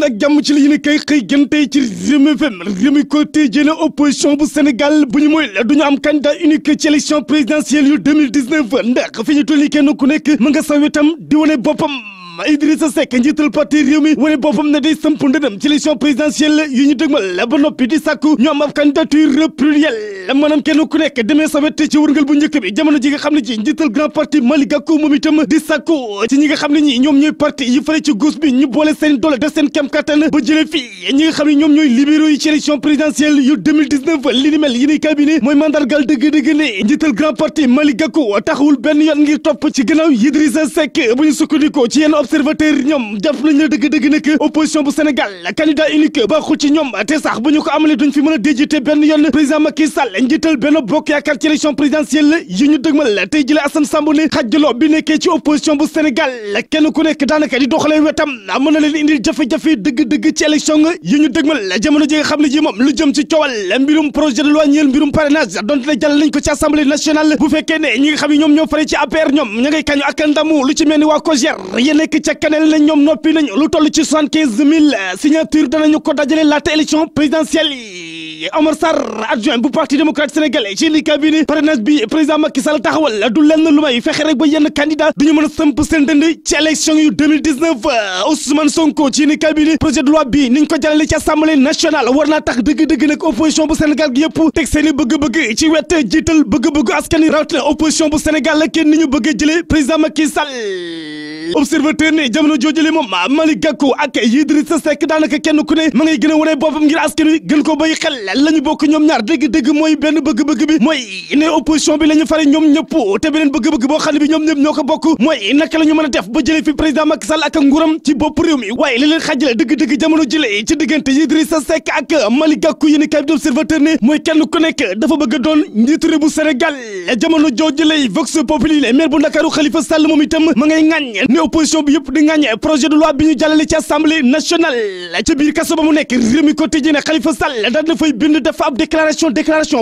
dalin jam jàmm ci li yéen kay xëy gën tey ci Rewmi FM Rewmi Quotidien opposition bu Sénégal bu ñu mooy la du ñu am candidat unique ci élection présidentielle yu 2019 ndax fi ñu toll nii kenn ku nekk mu nga saw itam di wane boppam am Idrissa Seck njiital parti réew mi wane boppam ne day sëmp ndëndam ci élection présidentielle yu ñu dëgmal ba noppi di sàkku ñu am ab candidature plurielle maanaam kenn ku nekk demee sa wet ci wërngal bu njëkk bi jamono ji nga xam ne ci njiital grand parti Malick Gakou moom itam di sàkku ci ñi nga xam ne ñi ñoom ñooy parti yi fële ci gauche bi ñu boole seen doole def seen kem kattan ba jëlee fii ñi ñoom ñooy libéraux yi ci élection présidentielle yu 2019 li ni mel benn yoon ngir topp ci gannaaw Idrissa Seck servateur ñoom jàpp nañ la dëgg-dëgg nekk opposition bu Sénégal candidat unique baaxul ci ñoom te sax bu ñu ko amalee duñ fi mën a déjite benn yoon président Macky Sall njiital ñu dëgmal tey jëlee Assane Samb ne xajjaloo bi nekkee ci opposition bu Sénégal kenn ku nekk daanaka di doxalee wetam mën na leen indil jafe-jafe dëgg-dëgg ci élection yi ñu dëgmal jamono ji nga xam ne ji moom lu jëm ci coowal mbirum projet de loi ñeel mbirum parrainage donte ne jàll nañ ko ni waa nekk ca keneen la ñoom noppi nañ lu toll ci soixante-quinze mille signature danañu ko dajale laata élection présidentielle yi Sarr adjoint bu parti démocrate sénégalais ci li cabinet parrainage bi président Macky du lenn lu may fexe rek ba yenn du ñu mën a sëmp seen dënd ci élection yu 2019 Ousmane Sonko ci ni cabinet projet de loi bi niñ ko jàllale ci assemblée nationale war tax dëgg-dëgg nag opposition bu Sénégal gi yëpp teg seeni observateur ne jamono joojule moom Malick Gakou ak Idrissa Seck daanaka kenn ku ne ma ngay gën a wane boppam ngir askan wi gën ko bay xel la ñu bokk ñoom ñaar dëgg-dëgg mooy benn bëgg-bëgg bi mooy ne opposition bi la ñu fare ñoom ñëpp te beneen bëgg-bëgg boo xam ne bi ñoom ñëpp ñoo ko bokk mooy naka la ñu mën a def ba jëlee fi président Macky Sall ak nguuram ci bopp réew mi waaye li leen xaajale dëgg-dëgg jamono jile ci diggante Idrissa Seck ak Malick Gakou yéen kay bi ne mooy kenn ku nekk dafa bëgg a doon njiitu réew bu Sénégal jamono joojule Vox Populi maire bu Ndakaaru Khalifa Sall moom itam ma ngay ŋàññ ni opposition bi yëpp di ŋàññe projet de loi bi ñu jàllale ci assemblée nationale ca biir kaso mu nekk Rewmi Quotidien ne Khalifa Sall daal dafay bind def ab déclaration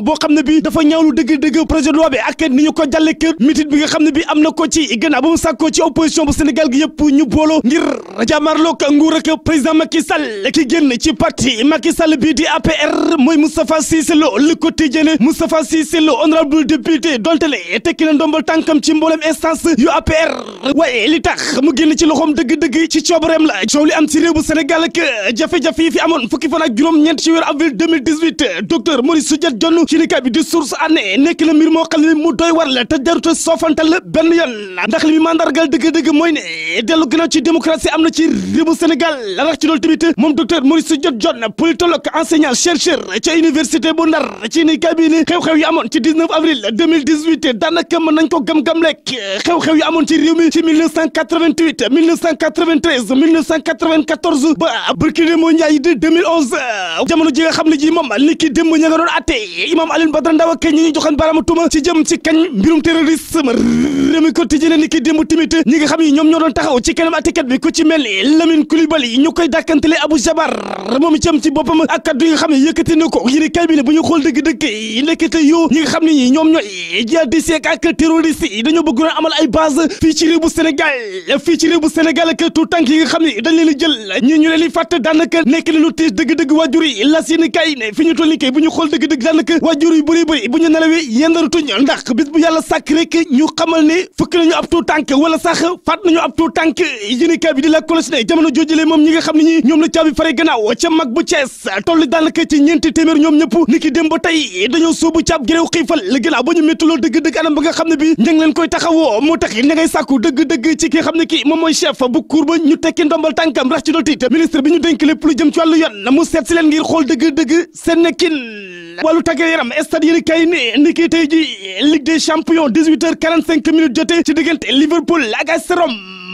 boo xam ne bi dafa ñaawlu dëgg-dëgg projet de loi bi ak ni ñu ko jàlle kër mitit bi nga xam ne bi am na ko ci gannaaw ba mu sàkkoo ci opposition bu Sénégal gi yëpp ñu booloo ngir jàmmaarloog nguur ak président Macky ki génn ci parti Macky Sall di APR mooy Moustapha tax mu génn ci loxoom dëgg-dëgg ci coobareem la coow li am ci réew bu Sénégal ak jafe-jafe yi fi amoon fukki fan juróom ñeent ci weeru avril 2018 Maurice Soudiedt Dione ci li bi di source année nekk na mbir moo xam ne mu doy war la te bu Sénégal la bu Ndar ci ni bi ni xew-xew yi amoon ci 19 avril 2018 daanaka mën ci réew mi 1988 1993 1994 ba barki démb Njaay de 2011 jamono ji nga xam ne ji moom ni ki démb ña nga doon atte imam Alioune Badara Ndao ak ñi ñu joxoon baaraamu tuuma ci jëm ci kañ mbirum terrorisme Rewmi Quotidien ko yéen kay bi bu ñu ñi nga xam ne ñoom ñooy jihadiste ak terroriste yi dañoo bëgg amal ay base fii ci réew bu fii ci réew bu Sénégal ak tout tànk yi nga xam ne dañ leen di jël ñii ñu leen di fàtt daanaka nekk lu tiis dëgg-dëgg waajur yi las yéen fi ñu toll nii kay bu ñu xool dëgg-dëgg daanaka waajur yu bëri bëri bu ñu nelawee yendarutuñ ndax bis bu yàlla joojule moom ñi nga xam ne ñi ñoom la caabi fare a ca mag bu Cees toll daanaka ci ñeenti téeméer ñoom ñëpp ni dem ba tey dañoo sóobu caab gëréew xiifal gannaaw ba ñu méttuloo dëgg-dëgg anam ba nga xam ne bi njëngi leen koy taxawoo moo tax ña ngay sàkku dëgg-dëgg ci xam ne moom mooy chef bu cour ba ñu tekki ndombal tànkam rax ci dol te ministre bi ñu dénk lépp lu jëm ci wàllu yoon na mu seet si leen ngir xool dëgg-dëgg seen nekkin wàllu tàggat yaram stade yéen kay ni ni ji Ligue des champions 18 heures 45 minutes jotee ci diggante Liverpool ak AS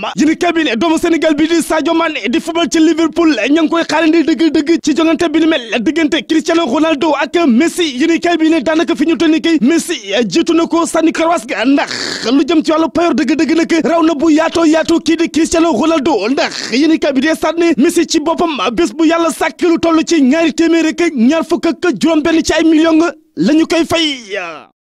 am yéen kabi ne doomu Sénégal bi di Sadio Mané di football ci Liverpool ña ngi koy xaarandi dëgg-dëgg ci jongante bi ni mel diggante Cristiano Ronaldo ak Messi yéen kabi ne daanaka fi ñu toll nii kay Messi jiitu na ko sànni karawaas ga ndax lu jëm ci wàllu payoor dëgg-dëgg nag raw na bu yaatoo yaatoo kii di Cristiano Ronaldo ndax yéen kabi de sànni Messi ci boppam bés bu yàlla sàkk lu toll ci ñaari téeméer ak ñaar fukk ak juróom benn ci ay millions la ñu koy fay